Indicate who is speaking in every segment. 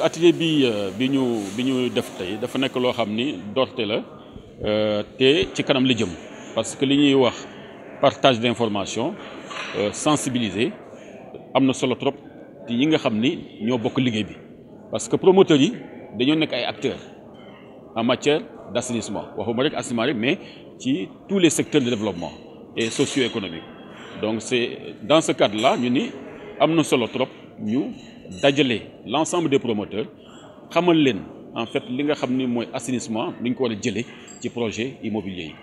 Speaker 1: atelier bi euh, biñu biñu def tay dafa nek lo xamni dorté la euh, té ci kanam li jëm parce que li ñuy wax partage d'information euh, sensibiliser amna solo trop te yi nga xam ni bokk liggéey bi parce que promoteur yi dañu nek ay acteurs en matière d'assainissement waxuma rek assainissement mais ci tous les secteurs de développement et socio-économique donc c'est dans ce cadre là ñu ni amna solo trop ñu dajale l'ensemble des promoteurs xamal en fait li nga xam assainissement lu ñu ko war a ci projet immobilier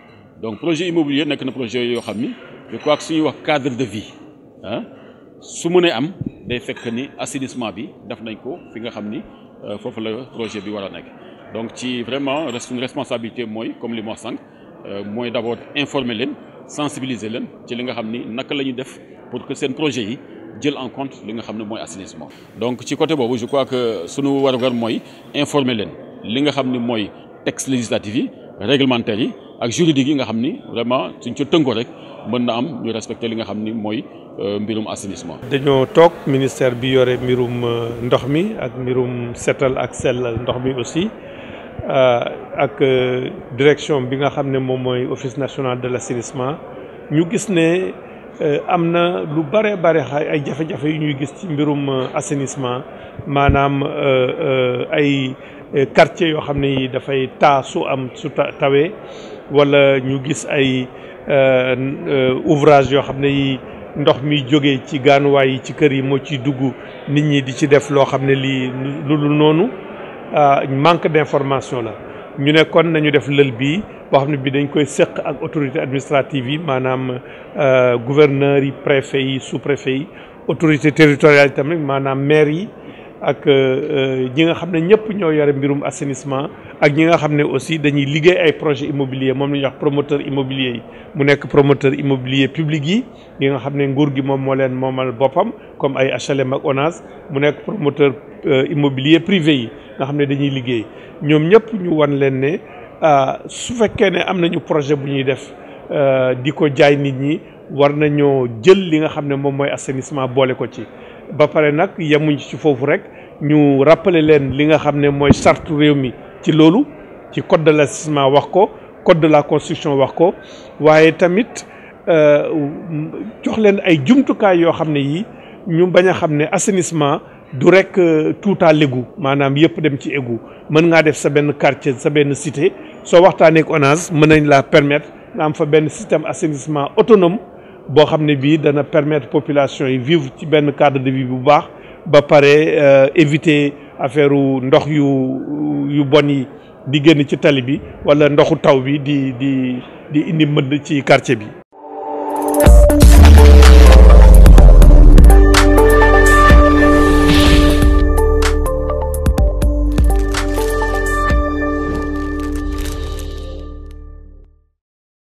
Speaker 1: donc projet immobilier nekk na projet yoo xam je crois que suñuy wax cadre de vie ah su mënee am day fekk ni assainissement bi def nañ ko fi nga xam ni euh, la projet bi war donc ci vraiment une responsabilité moi, comme les ma wax euh, d'abord informer leen sensibiliser leen ci li nga xam ni naka def pour que seen projet yi jël en compte li nga xam ne mooy assainissement. donc ci côté boobu je crois que sunu war warugar mooy informer leen li nga xam ne mooy texte législatif yi réglementaire yi ak juridique yi nga xam ni vraiment suñ ca tënkoo rek mën na am ñu respecter li nga xam ni mooy euh, mbirum assainissement.
Speaker 2: dañoo toog ministère bi yore mbirum euh, ndox mi ak mbirum setal ak sellal ndox mi aussi euh, ak direction bi nga xam ne moom mooy office national de l' assainissement ñu gis ne. Euh, am na lu bare bare xay ay jafe-jafe yu ñuy gis ci mbirum euh, assainissement maanaam euh, ay quartier yoo xam ne yi dafay taa su am su tawee wala ñu gis ay ouvrage yoo xam ne yi ndox mi jóge ci gaanuwaay yi ci kër yi moo ciy dugg nit ñi di ci def loo xam ne lii lu noonu ah, manque d'information la ñu nekkoon nañu def lël bii boo xam ne bii dañ koy seq ak autorité administrative yi maanaam euh, gouverneurs yi préfet yi sous préfet yi autorité territoriale yi tamit maanaam maire yi ak euh, ñi nga xam ne ñëpp ñoo yore mbirum assainissement ak ñi nga xam ne aussi dañuy liggéey ay projet immobilier moom la ñuy wax promoteur immobilier mu nekk promoteur immobilier public yi ñi nga xam ne nguur gi moom moo leen moomal boppam comme ay HLM ak ONAS mu nekk promoteur euh, immobilier privé yi nga xam ne dañuy liggéey ñoom ñëpp ñu wan leen ne euh, su fekkee ne am nañu projet bu ñuy def di ko jaay nit ñi war nañoo jël li nga xam ne moom mooy assainissement boole ko ci ba pare nag yemuñ ci foofu rek ñu rappeler leen li nga xam ne mooy sartu réew mi ci loolu ci code de l'assainissement wax ko code de la construction wax ko waaye tamit euh, jox leen ay jumtukaay yoo xam ne yii ñu bañ a xam ne assainissement du rek euh, tout à l'égout maanaam yëpp dem ci égout mën ngaa def sa benn quartier sa benn cité soo waxtaanee ak ONAS mën nañ laa permettre nga am fa benn système assainissement autonome boo xam ne bii dana permettre population yi vivre ci benn cadre de vie bu baax ba pare euh, éviter affaire ndox yu yu bon yi di génn ci tali bi walla ndoxu taw bi di di di indi mbënd ci quartier bi.